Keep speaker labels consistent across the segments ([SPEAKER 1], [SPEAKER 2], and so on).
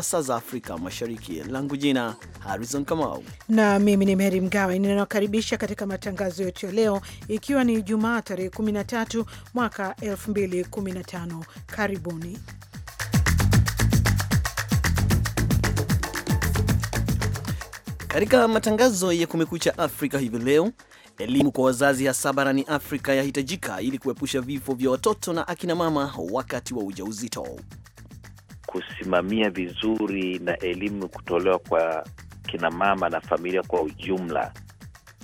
[SPEAKER 1] kwa saa za Afrika Mashariki. Langu jina Harrison Kamau
[SPEAKER 2] na mimi ni Meri Mgawe, ninawakaribisha katika matangazo yetu ya leo, ikiwa ni Jumaa tarehe 13 mwaka 2015. Karibuni.
[SPEAKER 1] Katika matangazo ya Kumekucha Afrika hivi leo, elimu kwa wazazi hasa barani Afrika yahitajika ili kuepusha vifo vya watoto na akina mama wakati wa ujauzito kusimamia vizuri na elimu kutolewa kwa kinamama na familia kwa ujumla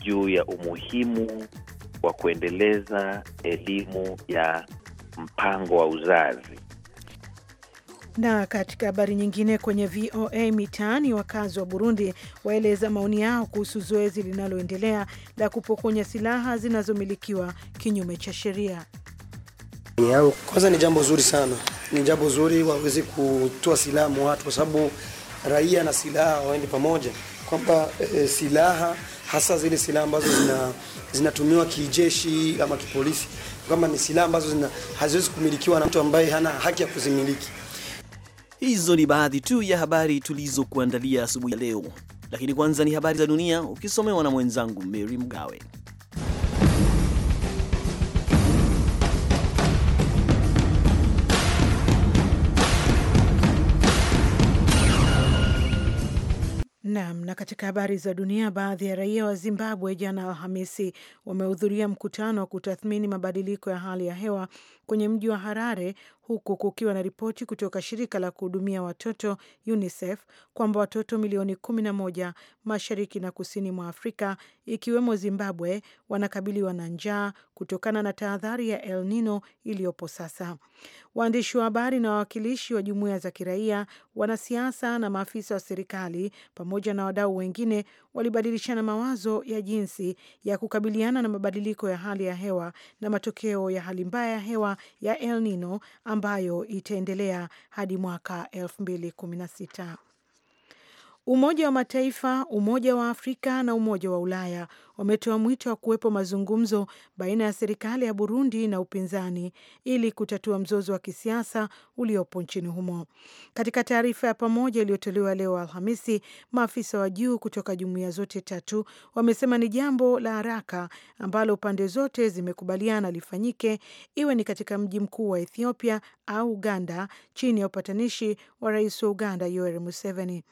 [SPEAKER 1] juu ya umuhimu wa kuendeleza elimu ya mpango wa uzazi.
[SPEAKER 2] Na katika habari nyingine kwenye VOA Mitaani, wakazi wa Burundi waeleza maoni yao kuhusu zoezi linaloendelea la kupokonya silaha zinazomilikiwa kinyume cha sheria.
[SPEAKER 3] Kwanza ni jambo zuri sana ni jambo zuri, waweze kutoa silaha mwa watu, kwa sababu raia na silaha waende pamoja, kwamba e, silaha hasa zile silaha ambazo zina zinatumiwa kijeshi ama kipolisi, kwamba ni silaha ambazo zina haziwezi kumilikiwa na mtu ambaye hana haki ya kuzimiliki. Hizo
[SPEAKER 1] ni baadhi tu ya habari tulizokuandalia asubuhi ya leo, lakini kwanza ni habari za dunia ukisomewa na mwenzangu Mary Mgawe.
[SPEAKER 2] Naam. Na katika habari za dunia, baadhi ya raia wa Zimbabwe jana Alhamisi wamehudhuria mkutano wa kutathmini mabadiliko ya hali ya hewa kwenye mji wa Harare huku kukiwa na ripoti kutoka shirika la kuhudumia watoto UNICEF kwamba watoto milioni kumi na moja mashariki na kusini mwa Afrika ikiwemo Zimbabwe wanakabiliwa na njaa kutokana na tahadhari ya El Nino iliyopo sasa. Waandishi wa habari na wawakilishi wa jumuiya za kiraia, wanasiasa na maafisa wa serikali pamoja na wadau wengine walibadilishana mawazo ya jinsi ya kukabiliana na mabadiliko ya hali ya hewa na matokeo ya hali mbaya ya hewa ya El Nino ambayo itaendelea hadi mwaka sita Umoja wa Mataifa, Umoja wa Afrika na Umoja wa Ulaya wametoa mwito wa kuwepo mazungumzo baina ya serikali ya Burundi na upinzani ili kutatua mzozo wa kisiasa uliopo nchini humo. Katika taarifa ya pamoja iliyotolewa leo Alhamisi, maafisa wa juu kutoka jumuiya zote tatu wamesema ni jambo la haraka ambalo pande zote zimekubaliana lifanyike, iwe ni katika mji mkuu wa Ethiopia au Uganda, chini ya upatanishi wa rais wa Uganda Yoweri Museveni.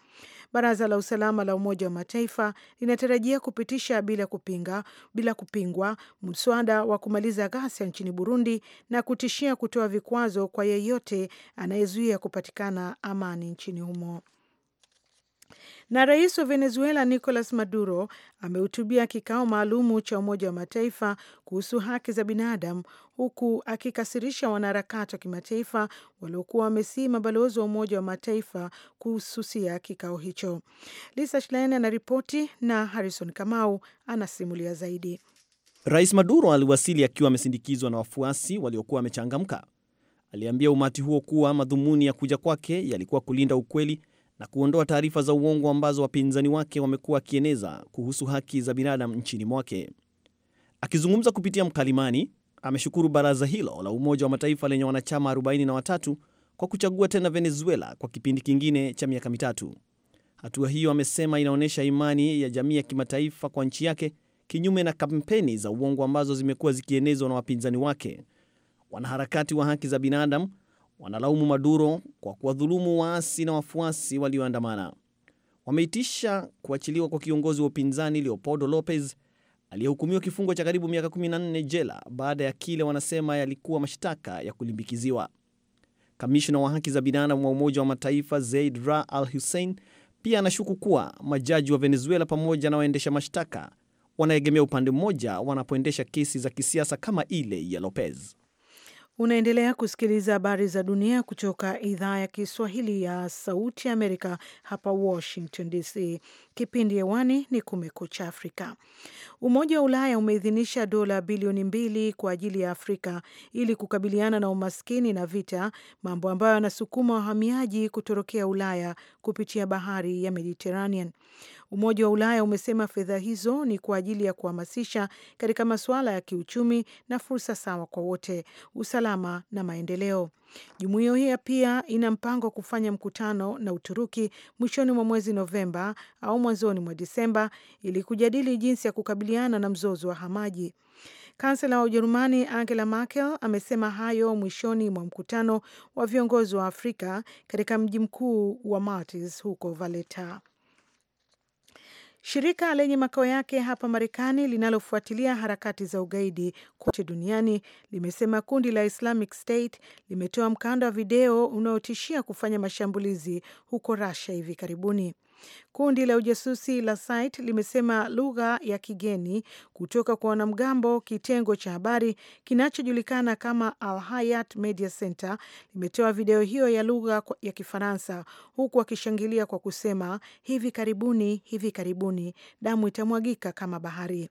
[SPEAKER 2] Baraza la Usalama la Umoja wa Mataifa linatarajia kupitisha bila kupinga, bila kupingwa mswada wa kumaliza ghasia nchini Burundi na kutishia kutoa vikwazo kwa yeyote anayezuia kupatikana amani nchini humo. Na rais wa Venezuela Nicolas Maduro amehutubia kikao maalumu cha Umoja wa Mataifa kuhusu haki za binadamu huku akikasirisha wanaharakati wa kimataifa waliokuwa wamesii mabalozi wa Umoja wa Mataifa kuhususia kikao hicho. Lisa Schlein anaripoti na Harrison Kamau anasimulia zaidi.
[SPEAKER 1] Rais Maduro aliwasili akiwa amesindikizwa na wafuasi waliokuwa wamechangamka. Aliambia umati huo kuwa madhumuni ya kuja kwake yalikuwa kulinda ukweli na kuondoa taarifa za uongo ambazo wapinzani wake wamekuwa akieneza kuhusu haki za binadamu nchini mwake. Akizungumza kupitia mkalimani, ameshukuru baraza hilo la Umoja wa Mataifa lenye wanachama 43 kwa kuchagua tena Venezuela kwa kipindi kingine cha miaka mitatu. Hatua hiyo amesema inaonyesha imani ya jamii ya kimataifa kwa nchi yake, kinyume na kampeni za uongo ambazo zimekuwa zikienezwa na wapinzani wake. Wanaharakati wa haki za binadamu wanalaumu Maduro kwa kuwadhulumu waasi na wafuasi walioandamana. Wameitisha kuachiliwa kwa kiongozi wa upinzani Leopoldo Lopez aliyehukumiwa kifungo cha karibu miaka 14 jela baada ya kile wanasema yalikuwa mashtaka ya kulimbikiziwa. Kamishna wa haki za binadamu wa Umoja wa Mataifa Zaid Ra Al Hussein pia anashuku kuwa majaji wa Venezuela pamoja na waendesha mashtaka wanaegemea upande mmoja wanapoendesha kesi za kisiasa kama ile ya Lopez.
[SPEAKER 2] Unaendelea kusikiliza habari za dunia kutoka idhaa ya Kiswahili ya Sauti Amerika, hapa Washington DC. Kipindi hewani ni Kumekucha Afrika. Umoja wa Ulaya umeidhinisha dola bilioni mbili kwa ajili ya Afrika ili kukabiliana na umaskini na vita, mambo ambayo yanasukuma wahamiaji kutorokea Ulaya kupitia bahari ya Mediterranean. Umoja wa Ulaya umesema fedha hizo ni kwa ajili ya kuhamasisha katika masuala ya kiuchumi na fursa sawa kwa wote, usalama na maendeleo. Jumuiya hiyo pia ina mpango wa kufanya mkutano na Uturuki mwishoni mwa mwezi Novemba au mwanzoni mwa Disemba ili kujadili jinsi ya kukabiliana na mzozo wa hamaji. Kansela wa Ujerumani Angela Merkel amesema hayo mwishoni mwa mkutano wa viongozi wa Afrika katika mji mkuu wa Malta huko Valletta. Shirika lenye makao yake hapa Marekani linalofuatilia harakati za ugaidi kote duniani limesema kundi la Islamic State limetoa mkanda wa video unaotishia kufanya mashambulizi huko Russia hivi karibuni. Kundi la ujasusi la SITE limesema lugha ya kigeni kutoka kwa wanamgambo, kitengo cha habari kinachojulikana kama Al Hayat Media Center limetoa video hiyo ya lugha ya Kifaransa huku wakishangilia kwa kusema, hivi karibuni, hivi karibuni damu itamwagika kama bahari.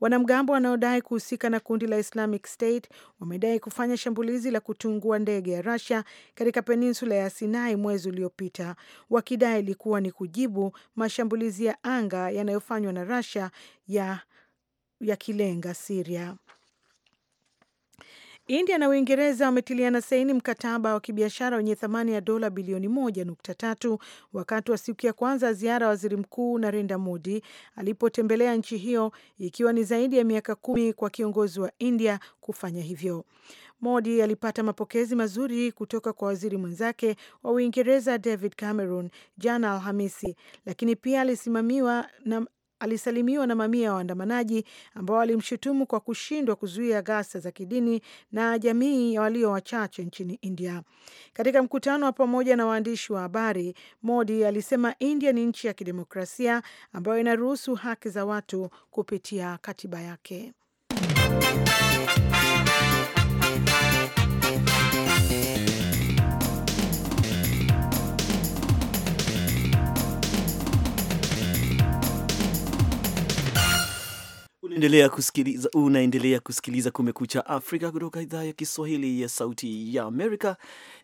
[SPEAKER 2] Wanamgambo wanaodai kuhusika na kundi la Islamic State wamedai kufanya shambulizi la kutungua ndege ya Russia katika peninsula ya Sinai mwezi uliopita, wakidai ilikuwa ni kujibu mashambulizi ya anga yanayofanywa na Russia ya yakilenga Siria. India na Uingereza wametiliana saini mkataba wa kibiashara wenye thamani ya dola bilioni moja nukta tatu wakati wa siku ya kwanza ziara waziri mkuu Narendra Modi alipotembelea nchi hiyo, ikiwa ni zaidi ya miaka kumi kwa kiongozi wa India kufanya hivyo. Modi alipata mapokezi mazuri kutoka kwa waziri mwenzake wa Uingereza David Cameron jana Alhamisi, lakini pia alisimamiwa na alisalimiwa na mamia ya waandamanaji ambao walimshutumu kwa kushindwa kuzuia ghasia za kidini na jamii ya walio wachache nchini India. Katika mkutano wa pamoja na waandishi wa habari, Modi alisema India ni nchi ya kidemokrasia ambayo inaruhusu haki za watu kupitia katiba yake.
[SPEAKER 1] Unaendelea kusikiliza, unaendelea kusikiliza Kumekucha Afrika kutoka idhaa ya Kiswahili ya Sauti ya Amerika,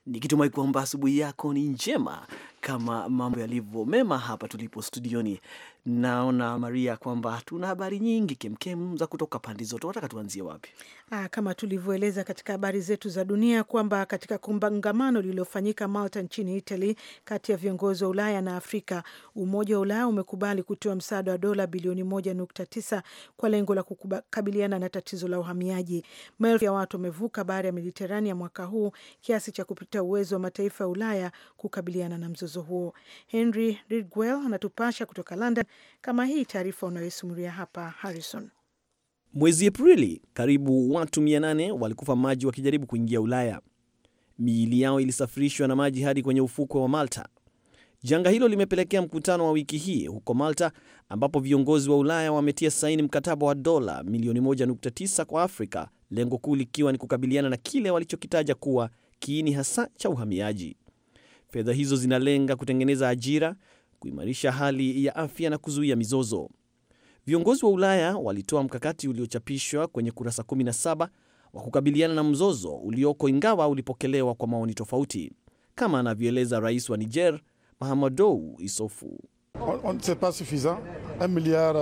[SPEAKER 1] nikitumai kwamba asubuhi yako ni njema kama mambo yalivyo mema hapa tulipo studioni. Naona Maria, kwamba tuna habari nyingi kemkem za kutoka pande zote. Wataka tuanzie wapi?
[SPEAKER 2] Aa, ah, kama tulivyoeleza katika habari zetu za dunia kwamba katika kongamano lililofanyika Malta nchini Italy kati ya viongozi wa Ulaya na Afrika, Umoja wa Ulaya umekubali kutoa msaada wa dola bilioni moja nukta kwa lengo la kukabiliana na tatizo la uhamiaji. Maelfu ya watu wamevuka bahari ya Mediterania mwaka huu kiasi cha kupita uwezo wa mataifa ya Ulaya kukabiliana na mzozo huo. Henry Ridgwell anatupasha kutoka London kama hii taarifa unayoisimulia hapa Harrison.
[SPEAKER 1] Mwezi Aprili, karibu watu 800 walikufa maji wakijaribu kuingia Ulaya. Miili yao ilisafirishwa na maji hadi kwenye ufukwe wa Malta. Janga hilo limepelekea mkutano wa wiki hii huko Malta, ambapo viongozi wa Ulaya wametia saini mkataba wa dola milioni 1.9 kwa Afrika, lengo kuu likiwa ni kukabiliana na kile walichokitaja kuwa kiini hasa cha uhamiaji. Fedha hizo zinalenga kutengeneza ajira, kuimarisha hali ya afya na kuzuia mizozo. Viongozi wa Ulaya walitoa mkakati uliochapishwa kwenye kurasa 17 wa kukabiliana na mzozo ulioko, ingawa ulipokelewa kwa maoni tofauti, kama anavyoeleza rais wa Niger Mahamadou Isofu.
[SPEAKER 3] On pas suffisant. milliard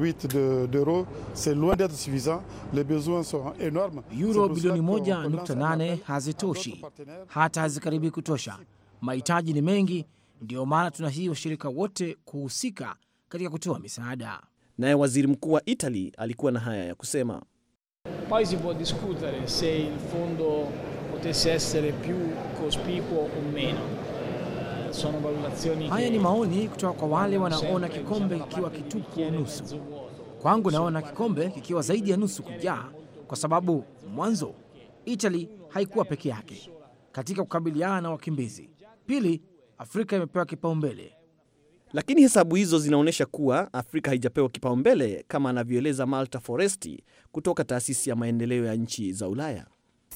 [SPEAKER 3] 8 euh, d'euros, c'est loin d'être suffisant. Les besoins sont enormes. Euro bilioni 1.8 hazitoshi, hata hazikaribi kutosha. Mahitaji ni mengi Ndiyo maana tunahii washirika wote kuhusika katika kutoa misaada.
[SPEAKER 1] Naye waziri mkuu wa Itali alikuwa na haya ya kusema:
[SPEAKER 4] paesi può discutere se il fondo potesse essere più cospicuo o meno Haya ni maoni
[SPEAKER 3] kutoka kwa wale wanaona kikombe kikiwa kitupu e nusu. Kwangu naona kikombe kikiwa zaidi ya nusu kujaa, kwa sababu mwanzo Itali haikuwa peke yake katika kukabiliana na wakimbizi. Pili, Afrika imepewa kipaumbele.
[SPEAKER 1] Lakini hesabu hizo zinaonyesha kuwa Afrika haijapewa kipaumbele kama anavyoeleza Malta Foresti kutoka taasisi ya maendeleo ya nchi za Ulaya.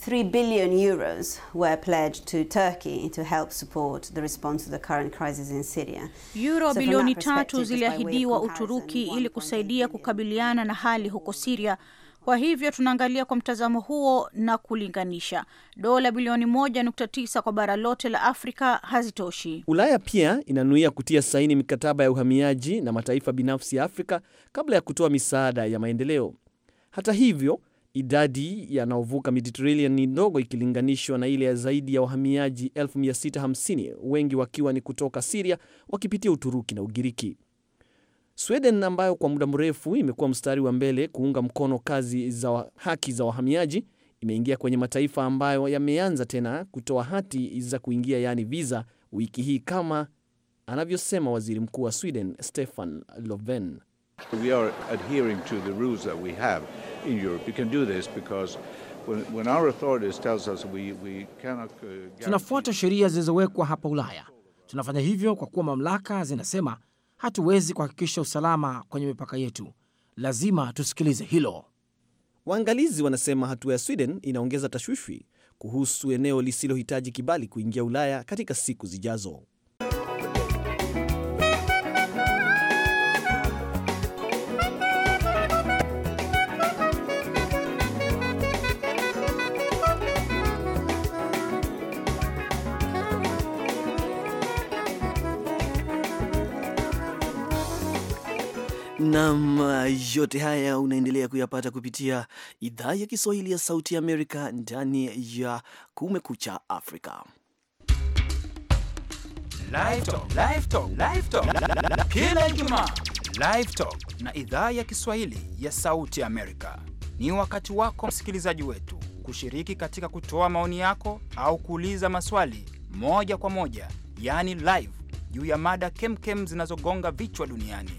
[SPEAKER 5] 3 billion euros were pledged to Turkey to help support the response to the current crisis in Syria. Euro bilioni tatu ziliahidiwa Uturuki ili kusaidia kukabiliana na hali huko Syria kwa hivyo tunaangalia kwa mtazamo huo na kulinganisha, dola bilioni 1.9 kwa bara lote la Afrika hazitoshi.
[SPEAKER 1] Ulaya pia inanuia kutia saini mikataba ya uhamiaji na mataifa binafsi ya Afrika kabla ya kutoa misaada ya maendeleo. Hata hivyo, idadi yanaovuka Mediterranean ni ndogo ikilinganishwa na ile ya zaidi ya wahamiaji 650 wengi wakiwa ni kutoka Siria wakipitia Uturuki na Ugiriki. Sweden ambayo kwa muda mrefu imekuwa mstari wa mbele kuunga mkono kazi za haki za wahamiaji imeingia kwenye mataifa ambayo yameanza tena kutoa hati za kuingia yaani visa wiki hii kama anavyosema waziri mkuu wa Sweden Stefan loven We are
[SPEAKER 2] adhering to the rules that we have in Europe. can do this because when our authorities tells us we, we cannot... Uh, Tunafuata
[SPEAKER 3] sheria zilizowekwa hapa Ulaya. Tunafanya hivyo kwa kuwa mamlaka zinasema hatuwezi kuhakikisha usalama kwenye mipaka yetu. Lazima tusikilize hilo. Waangalizi wanasema hatua ya Sweden inaongeza tashwishwi
[SPEAKER 1] kuhusu eneo lisilohitaji kibali kuingia Ulaya katika siku zijazo. Nam, yote haya unaendelea kuyapata kupitia idhaa ya Kiswahili ya Sauti ya Amerika ndani ya Kumekucha Afrika.
[SPEAKER 6] Kila Ijumaa Live Talk na idhaa ya Kiswahili ya Sauti Amerika ni wakati wako msikilizaji wetu kushiriki katika kutoa maoni yako au kuuliza maswali moja kwa moja, yaani live, juu ya mada kemkem zinazogonga vichwa duniani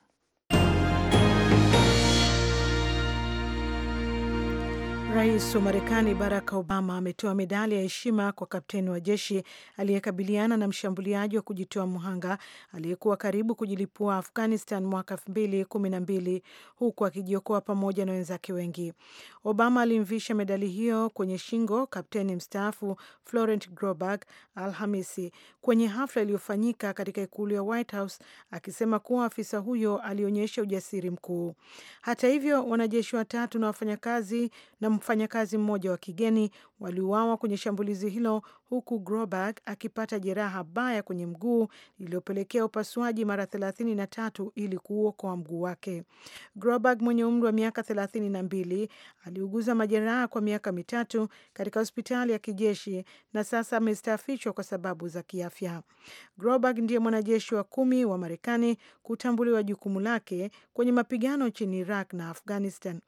[SPEAKER 2] Rais wa Marekani Barack Obama ametoa medali ya heshima kwa kapteni wa jeshi aliyekabiliana na mshambuliaji wa kujitoa mhanga aliyekuwa karibu kujilipua Afghanistan mwaka elfu mbili kumi na mbili huku akijiokoa pamoja na wenzake wengi. Obama alimvisha medali hiyo kwenye shingo kapteni mstaafu Florent Groberg Alhamisi kwenye hafla iliyofanyika katika ikulu ya White House, akisema kuwa afisa huyo alionyesha ujasiri mkuu. Hata hivyo, wanajeshi watatu na wafanyakazi na mfanyakazi mmoja wa kigeni waliuawa kwenye shambulizi hilo, huku Groberg akipata jeraha baya kwenye mguu lililopelekea upasuaji mara 33 ili kuuokoa mguu wake. Groberg mwenye umri wa miaka 32 aliuguza majeraha kwa miaka mitatu katika hospitali ya kijeshi na sasa amestaafishwa kwa sababu za kiafya. Groberg ndiye mwanajeshi wa kumi wa Marekani kutambuliwa jukumu lake kwenye mapigano nchini Iraq na Afghanistan.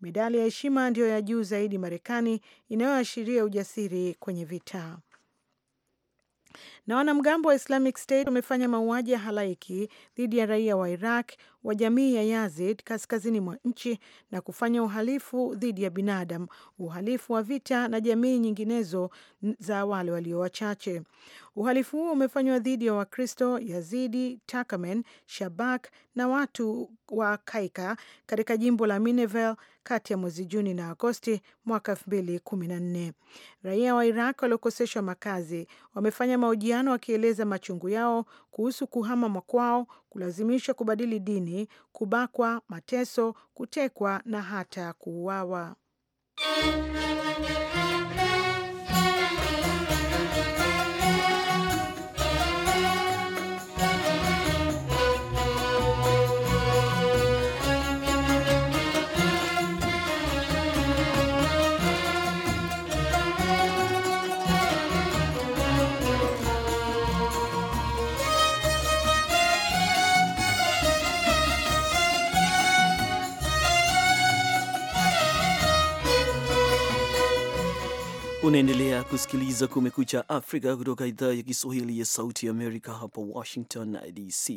[SPEAKER 2] Medali ya heshima ndiyo ya juu zaidi Marekani, inayoashiria ujasiri kwenye vita. Na wanamgambo wa Islamic State wamefanya mauaji ya halaiki dhidi ya raia wa Iraq wa jamii ya Yazid kaskazini mwa nchi na kufanya uhalifu dhidi ya binadamu, uhalifu wa vita na jamii nyinginezo za wale walio wachache. Uhalifu huo umefanywa dhidi ya Wakristo, Yazidi, Turkmen, Shabak na watu wa Kaika katika jimbo la Mineville kati ya mwezi Juni na Agosti mwaka 2014. Raia wa Iraq waliokoseshwa makazi wamefanya mauaji vijana wakieleza machungu yao kuhusu kuhama makwao, kulazimishwa kubadili dini, kubakwa, mateso, kutekwa na hata kuuawa.
[SPEAKER 1] Unaendelea kusikiliza Kumekucha Afrika kutoka idhaa ya Kiswahili ya Sauti ya Amerika, hapa Washington DC.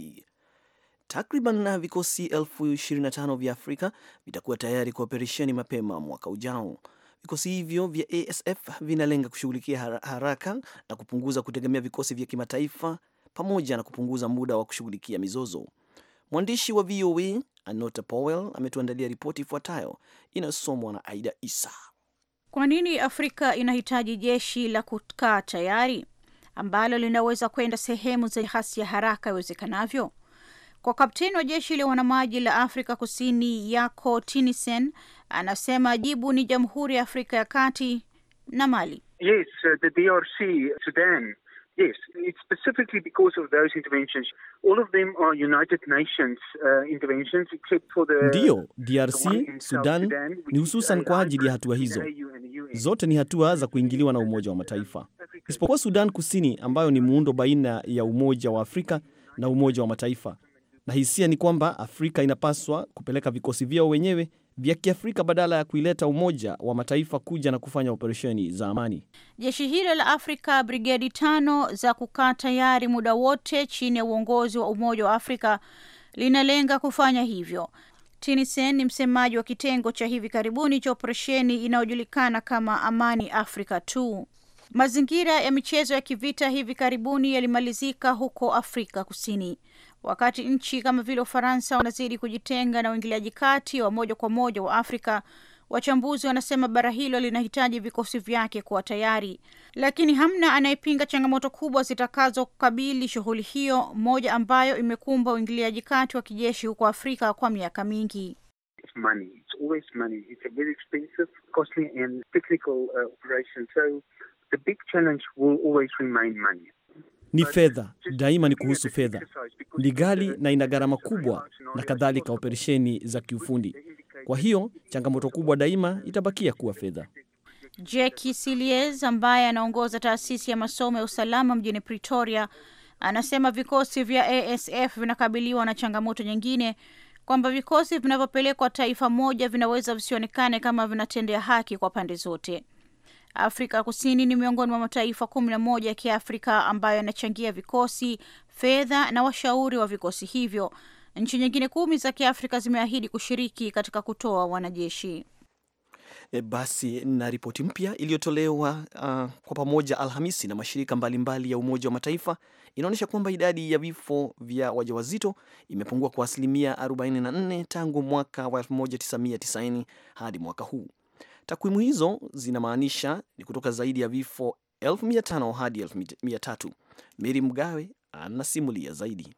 [SPEAKER 1] Takriban vikosi elfu 25 vya Afrika vitakuwa tayari kwa operesheni mapema mwaka ujao. Vikosi hivyo vya ASF vinalenga kushughulikia haraka na kupunguza kutegemea vikosi vya kimataifa pamoja na kupunguza muda wa kushughulikia mizozo. Mwandishi wa VOA Anota Powell ametuandalia ripoti ifuatayo inayosomwa na Aida Isa.
[SPEAKER 5] Kwa nini Afrika inahitaji jeshi la kukaa tayari ambalo linaweza kwenda sehemu za ghasia haraka iwezekanavyo? Kwa kapteni wa jeshi la wanamaji la Afrika Kusini Yako Tinisen anasema jibu ni Jamhuri ya Afrika ya Kati
[SPEAKER 4] na Mali. Yes, the DRC, Sudan. Yes, it's specifically because of those interventions. All of them are United Nations uh, interventions except for the Ndiyo,
[SPEAKER 1] DRC, the Sudan, Sudan ni hususan kwa ajili ya hatua hizo. Zote ni hatua za kuingiliwa na Umoja wa Mataifa. Isipokuwa Sudan Kusini ambayo ni muundo baina ya Umoja wa Afrika na Umoja wa Mataifa. Na hisia ni kwamba Afrika inapaswa kupeleka vikosi vyao wenyewe vya Kiafrika badala ya kuileta Umoja wa Mataifa kuja na kufanya operesheni za amani.
[SPEAKER 5] Jeshi hilo la Afrika brigedi tano za kukaa tayari muda wote chini ya uongozi wa Umoja wa Afrika linalenga kufanya hivyo. Tinisen ni msemaji wa kitengo cha hivi karibuni cha operesheni inayojulikana kama Amani Afrika tu. Mazingira ya michezo ya kivita hivi karibuni yalimalizika huko Afrika Kusini. Wakati nchi kama vile Ufaransa wanazidi kujitenga na uingiliaji kati wa moja kwa moja wa Afrika, wachambuzi wanasema bara hilo linahitaji vikosi vyake kuwa tayari, lakini hamna anayepinga changamoto kubwa zitakazokabili shughuli hiyo, moja ambayo imekumba uingiliaji kati wa kijeshi huko Afrika kwa miaka mingi
[SPEAKER 1] ni fedha, daima ni kuhusu fedha, ni ghali na ina gharama kubwa na kadhalika, operesheni za kiufundi. Kwa hiyo changamoto kubwa daima itabakia kuwa fedha.
[SPEAKER 5] Jeki Silies ambaye anaongoza taasisi ya masomo ya usalama mjini Pretoria anasema vikosi vya ASF vinakabiliwa na changamoto nyingine, kwamba vikosi vinavyopelekwa taifa moja vinaweza visionekane kama vinatendea haki kwa pande zote. Afrika Kusini ni miongoni mwa mataifa kumi na moja ya Kiafrika ambayo yanachangia vikosi, fedha na washauri wa vikosi hivyo. Nchi nyingine kumi za Kiafrika zimeahidi kushiriki katika kutoa wanajeshi.
[SPEAKER 1] E, basi na ripoti mpya iliyotolewa uh, kwa pamoja Alhamisi na mashirika mbalimbali mbali ya Umoja wa Mataifa inaonyesha kwamba idadi ya vifo vya wajawazito imepungua kwa asilimia 44 tangu mwaka wa 1990 hadi mwaka huu. Takwimu hizo zinamaanisha ni kutoka zaidi ya vifo 1500 hadi 1300. Meri Mgawe anasimulia zaidi.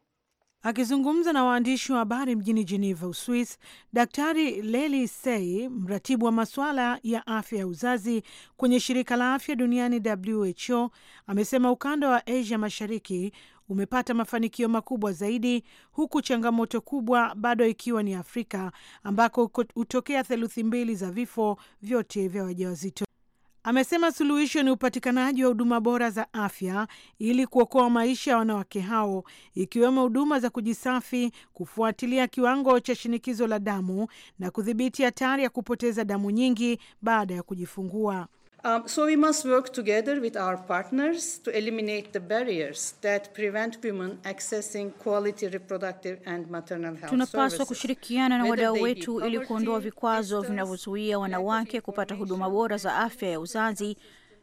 [SPEAKER 2] Akizungumza na waandishi wa habari mjini Geneva, Uswis, Daktari Leli Sei, mratibu wa masuala ya afya ya uzazi kwenye shirika la afya duniani WHO, amesema ukanda wa Asia Mashariki umepata mafanikio makubwa zaidi, huku changamoto kubwa bado ikiwa ni Afrika ambako hutokea theluthi mbili za vifo vyote vya wajawazito. Amesema suluhisho ni upatikanaji wa huduma bora za afya ili kuokoa maisha ya wanawake hao, ikiwemo huduma za kujisafi, kufuatilia kiwango cha shinikizo la damu na kudhibiti hatari ya kupoteza damu nyingi baada ya kujifungua.
[SPEAKER 5] Um, so we must work together with our partners to eliminate the barriers that prevent
[SPEAKER 2] women accessing quality reproductive and maternal health Tunapaswa
[SPEAKER 5] kushirikiana na wadau wetu ili kuondoa vikwazo vinavyozuia wanawake kupata huduma bora za afya ya uzazi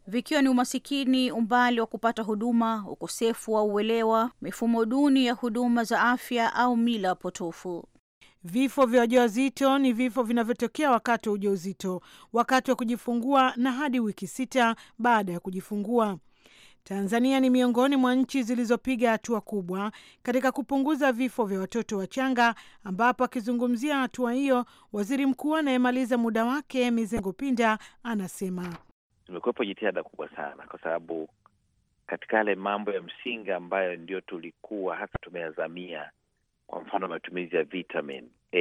[SPEAKER 5] vikiwa ni umasikini, umbali wa kupata huduma, ukosefu wa uelewa, mifumo duni ya huduma za afya au mila potofu. Vifo vya
[SPEAKER 2] wajawazito ni vifo vinavyotokea wakati wa ujauzito, wakati wa kujifungua na hadi wiki sita baada ya kujifungua. Tanzania ni miongoni mwa nchi zilizopiga hatua kubwa katika kupunguza vifo vya watoto wachanga, ambapo akizungumzia hatua hiyo, waziri mkuu anayemaliza muda wake Mizengo Pinda anasema
[SPEAKER 1] imekuwepo jitihada kubwa sana, kwa sababu katika yale mambo ya msingi ambayo ndio tulikuwa hasa tumeazamia kwa mfano matumizi ya vitamin A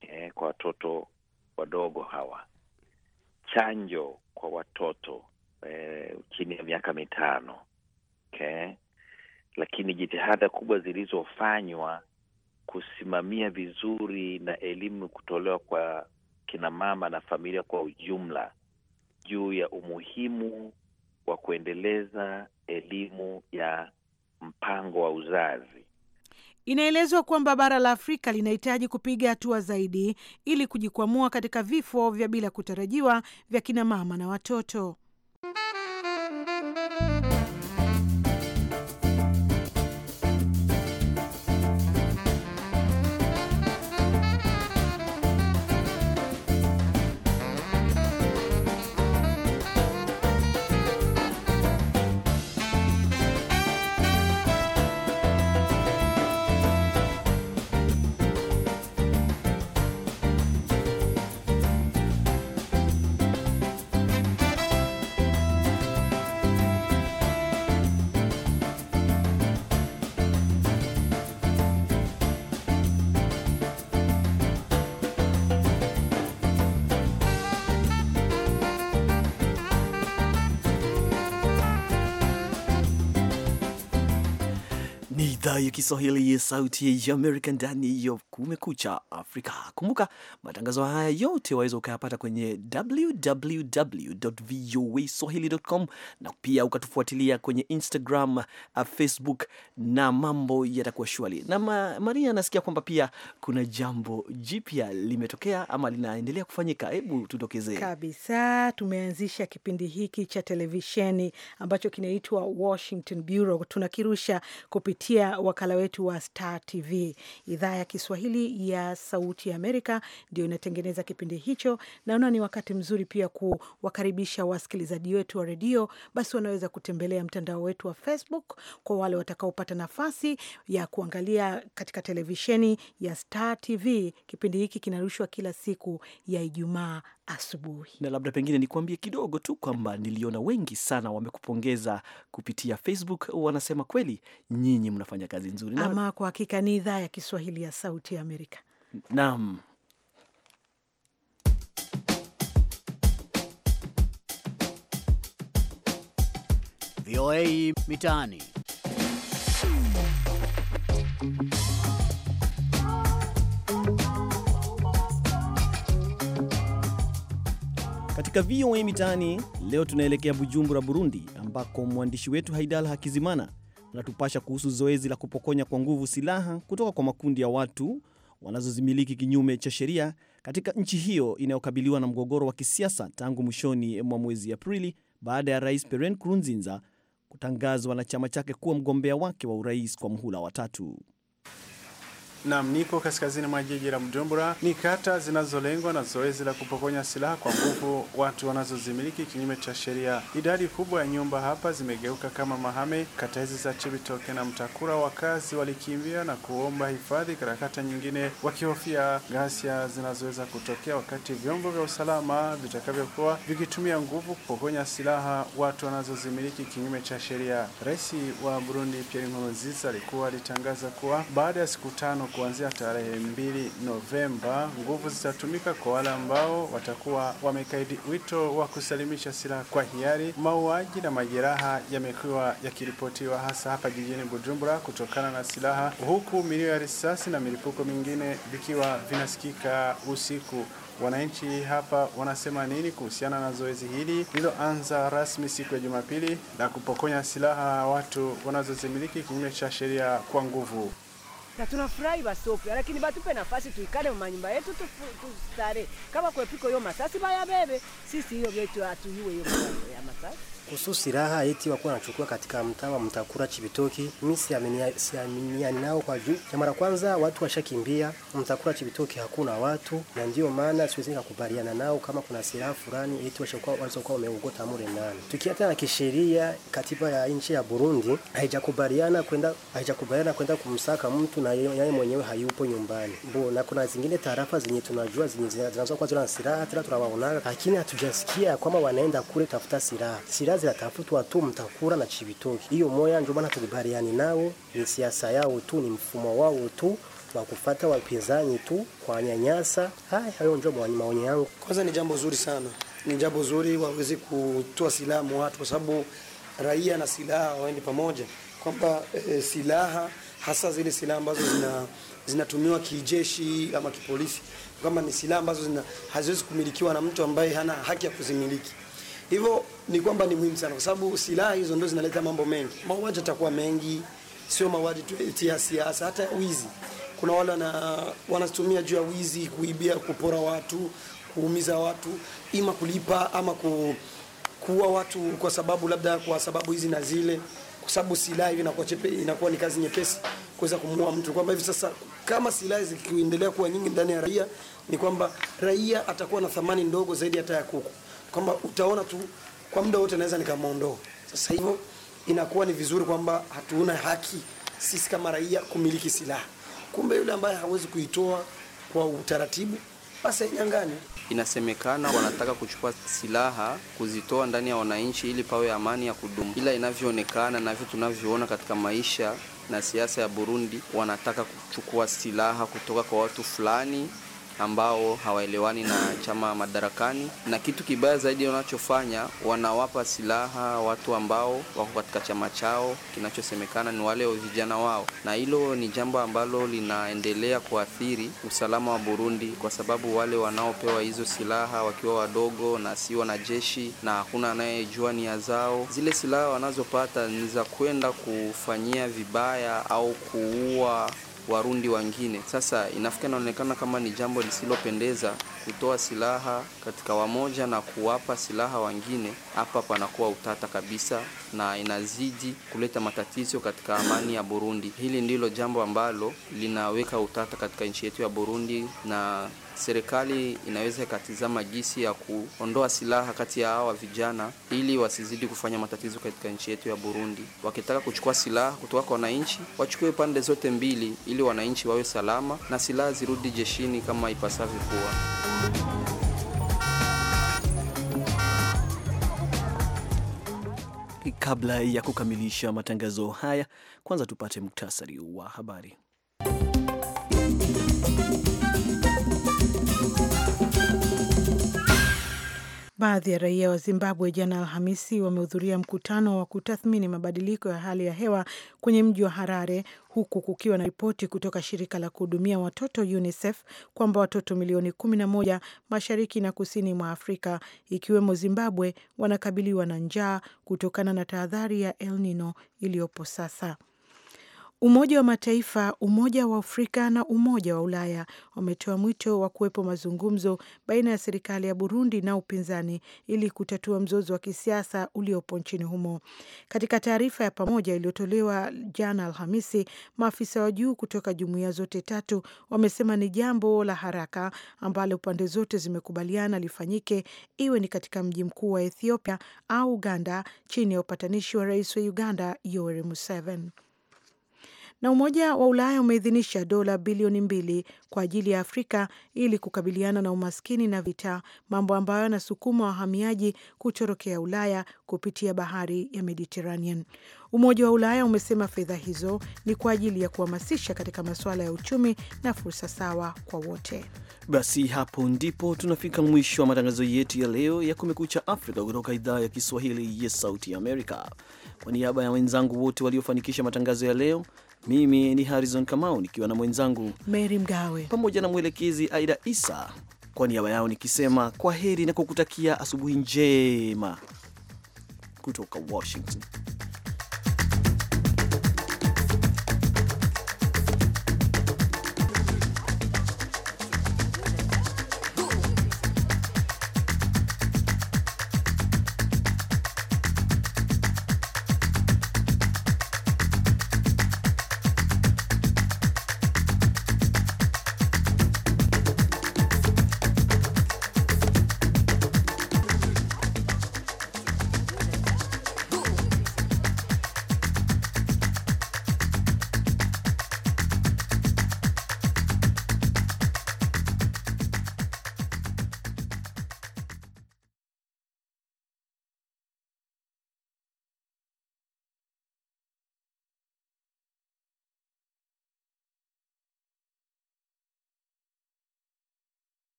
[SPEAKER 1] eh,
[SPEAKER 6] kwa watoto wadogo hawa, chanjo kwa watoto eh, chini ya miaka mitano okay. Lakini jitihada
[SPEAKER 1] kubwa zilizofanywa kusimamia vizuri na elimu kutolewa kwa kina mama na familia kwa ujumla juu ya umuhimu wa kuendeleza elimu ya mpango wa
[SPEAKER 6] uzazi
[SPEAKER 2] Inaelezwa kwamba bara la Afrika linahitaji kupiga hatua zaidi ili kujikwamua katika vifo vya bila kutarajiwa vya kinamama na watoto.
[SPEAKER 1] Idhaa ya Kiswahili ya Sauti ya Amerika ndani ya Kumekucha Afrika. Kumbuka matangazo haya yote waweza ukayapata kwenye swahilicom, na pia ukatufuatilia kwenye Instagram, uh, Facebook na mambo yatakuwa shwari. Na ma, Maria anasikia kwamba pia kuna jambo jipya limetokea ama linaendelea kufanyika. Hebu tutokezee
[SPEAKER 2] kabisa. Tumeanzisha kipindi hiki cha televisheni ambacho kinaitwa Washington Bureau, tunakirusha kupitia wakala wetu wa Star TV idhaa ya Kiswahili Kiswahili ya Sauti ya Amerika ndio inatengeneza kipindi hicho. Naona ni wakati mzuri pia kuwakaribisha wasikilizaji wetu wa redio, basi wanaweza kutembelea mtandao wetu wa Facebook kwa wale watakaopata nafasi ya kuangalia katika televisheni ya Star TV. Kipindi hiki kinarushwa kila siku ya Ijumaa asubuhi.
[SPEAKER 1] Na labda pengine nikuambie kidogo tu kwamba niliona wengi sana wamekupongeza kupitia Facebook, wanasema kweli nyinyi mnafanya kazi nzuri. Na... ama
[SPEAKER 2] kwa hakika ni idhaa ya Kiswahili ya Sauti ya Amerika.
[SPEAKER 1] Naam.
[SPEAKER 5] VOA Mitaani.
[SPEAKER 1] Katika VOA Mitaani leo tunaelekea Bujumbura, Burundi, ambako mwandishi wetu Haidal Hakizimana anatupasha kuhusu zoezi la kupokonya kwa nguvu silaha kutoka kwa makundi ya watu wanazozimiliki kinyume cha sheria katika nchi hiyo inayokabiliwa na mgogoro wa kisiasa tangu mwishoni mwa mwezi Aprili baada ya Rais Pierre Nkurunziza kutangazwa na chama chake kuwa mgombea wake wa urais kwa mhula wa tatu.
[SPEAKER 4] Naam, niko kaskazini mwa jiji la Mjumbura. Ni kata zinazolengwa na zoezi la kupokonya silaha kwa nguvu watu wanazozimiliki kinyume cha sheria. Idadi kubwa ya nyumba hapa zimegeuka kama mahame. Kata hizi za Chibitoke na Mtakura, wakazi walikimbia na kuomba hifadhi katika kata nyingine, wakihofia ghasia zinazoweza kutokea wakati vyombo vya usalama vitakavyokuwa vikitumia nguvu kupokonya silaha watu wanazozimiliki kinyume cha sheria. Rais wa Burundi Pierre Nkurunziza alikuwa alitangaza kuwa baada ya siku tano kuanzia tarehe mbili Novemba. Nguvu zitatumika kwa wale ambao watakuwa wamekaidi wito wa kusalimisha silaha kwa hiari. Mauaji na majeraha yamekuwa yakiripotiwa hasa hapa jijini Bujumbura kutokana na silaha, huku milio ya risasi na milipuko mingine vikiwa vinasikika usiku. Wananchi hapa wanasema nini kuhusiana na zoezi hili lililoanza rasmi siku ya Jumapili la kupokonya silaha watu wanazozimiliki kinyume cha sheria kwa nguvu?
[SPEAKER 2] na tunafurahi basokwe, lakini batupe nafasi tuikale manyumba yetu
[SPEAKER 3] tustare. Kama kwepiko yo masasi bayabebe, sisi hiyo vyetu atuiwe hiyo ya masasi kuhusu raha eti wakuwa wanachukua katika mtaa wa Mtakura Chibitoki, mimi siaminiani nao kwa juu ya mara kwanza watu washakimbia Mtakura Chibitoki, hakuna watu na ndio maana siwezi kukubaliana nao kama kuna silaha fulani eti washakuwa walizokuwa wameugota mure ndani. Tukiata na kisheria, katiba ya nchi ya Burundi haijakubaliana kwenda haijakubaliana kwenda kumsaka mtu na yeye mwenyewe hayupo nyumbani. Bo, na kuna zingine taarifa zenye tunajua zinazokuwa zina silaha tena tunawaonaga, lakini hatujasikia kwamba wanaenda kule tafuta silaha silaha ziratafutwa tu, mtakura na chibitoki. Hiyo moya ndio bana, nao, ni siasa yao tu, ni mfumo wao tu wa kufuata wapinzani tu kwa nyanyasa. Hai, hayo ndio maoni yangu. Kwanza ni jambo zuri sana, ni jambo zuri waweze kutoa silaha watu, kwa sababu raia na silaha waende pamoja, kwamba e, silaha hasa zile silaha ambazo zina zinatumiwa kijeshi ama kipolisi, kwamba ni silaha ambazo zina haziwezi kumilikiwa na mtu ambaye hana haki ya kuzimiliki. Hivyo ni kwamba ni muhimu sana, kwa sababu silaha hizo ndio zinaleta mambo mengi. Mauaji yatakuwa mengi, sio mauaji tu ya siasa, hata wizi. Kuna wale wana wanatumia juu ya wizi, kuibia, kupora watu, kuumiza watu, ima kulipa ama ku, kuua watu kwa sababu labda kwa sababu hizi na zile, kwa sababu silaha hivi inakuwa chepe, inakuwa ni kazi nyepesi kuweza kumuua mtu, kwamba hivi sasa kama silaha zikiendelea kuwa nyingi ndani ya raia ni kwamba raia atakuwa na thamani ndogo zaidi hata ya kuku, kwamba utaona tu kwa muda wote naweza nikamuondoa. Sasa hivyo inakuwa ni vizuri kwamba hatuna haki sisi kama raia kumiliki silaha, kumbe yule ambaye hawezi kuitoa kwa utaratibu basi hainyang'anywe.
[SPEAKER 6] Inasemekana wanataka kuchukua silaha kuzitoa ndani ya wananchi ili pawe amani ya kudumu, ila inavyoonekana na vitu tunavyoona katika maisha na siasa ya Burundi, wanataka kuchukua silaha kutoka kwa watu fulani ambao hawaelewani na chama madarakani, na kitu kibaya zaidi wanachofanya wanawapa silaha watu ambao wako katika chama chao, kinachosemekana ni wale vijana wao, na hilo ni jambo ambalo linaendelea kuathiri usalama wa Burundi, kwa sababu wale wanaopewa hizo silaha wakiwa wadogo na si wanajeshi na hakuna anayejua nia zao, zile silaha wanazopata ni za kwenda kufanyia vibaya au kuua Warundi wengine. Sasa inafika inaonekana kama ni jambo lisilopendeza kutoa silaha katika wamoja na kuwapa silaha wengine, hapa panakuwa utata kabisa, na inazidi kuleta matatizo katika amani ya Burundi. Hili ndilo jambo ambalo linaweka utata katika nchi yetu ya Burundi na serikali inaweza ikatizama jinsi ya kuondoa silaha kati ya hawa vijana ili wasizidi kufanya matatizo katika nchi yetu ya Burundi. Wakitaka kuchukua silaha kutoka kwa wananchi, wachukue pande zote mbili, ili wananchi wawe salama na silaha zirudi jeshini kama ipasavyo kuwa.
[SPEAKER 1] Kabla ya kukamilisha matangazo haya, kwanza tupate muktasari wa habari.
[SPEAKER 2] Baadhi ya raia wa Zimbabwe jana Alhamisi wamehudhuria mkutano wa kutathmini mabadiliko ya hali ya hewa kwenye mji wa Harare, huku kukiwa na ripoti kutoka shirika la kuhudumia watoto UNICEF kwamba watoto milioni moja mashariki na kusini mwa Afrika ikiwemo Zimbabwe wanakabiliwa na njaa kutokana na tahadhari ya El Nino iliyopo sasa. Umoja wa Mataifa, Umoja wa Afrika na Umoja wa Ulaya wametoa mwito wa kuwepo mazungumzo baina ya serikali ya Burundi na upinzani ili kutatua mzozo wa kisiasa uliopo nchini humo. Katika taarifa ya pamoja iliyotolewa jana Alhamisi, maafisa wa juu kutoka jumuiya zote tatu wamesema ni jambo la haraka ambalo pande zote zimekubaliana lifanyike, iwe ni katika mji mkuu wa Ethiopia au Uganda, chini ya upatanishi wa rais wa Uganda Yoweri Museveni na Umoja wa Ulaya umeidhinisha dola bilioni mbili kwa ajili ya Afrika ili kukabiliana na umaskini na vita, mambo ambayo yanasukuma wahamiaji kutorokea Ulaya kupitia bahari ya Mediterranean. Umoja wa Ulaya umesema fedha hizo ni kwa ajili ya kuhamasisha katika masuala ya uchumi na fursa sawa kwa wote.
[SPEAKER 1] Basi hapo ndipo tunafika mwisho wa matangazo yetu ya leo ya Kumekucha Afrika kutoka idhaa ya Kiswahili ya Sauti ya Amerika. Kwa niaba ya wenzangu wote waliofanikisha matangazo ya leo, mimi ni Harrison Kamau nikiwa na mwenzangu
[SPEAKER 2] Mary Mgawe
[SPEAKER 1] pamoja na mwelekezi Aida Isa, kwa niaba yao nikisema kwa heri na kukutakia asubuhi njema kutoka Washington.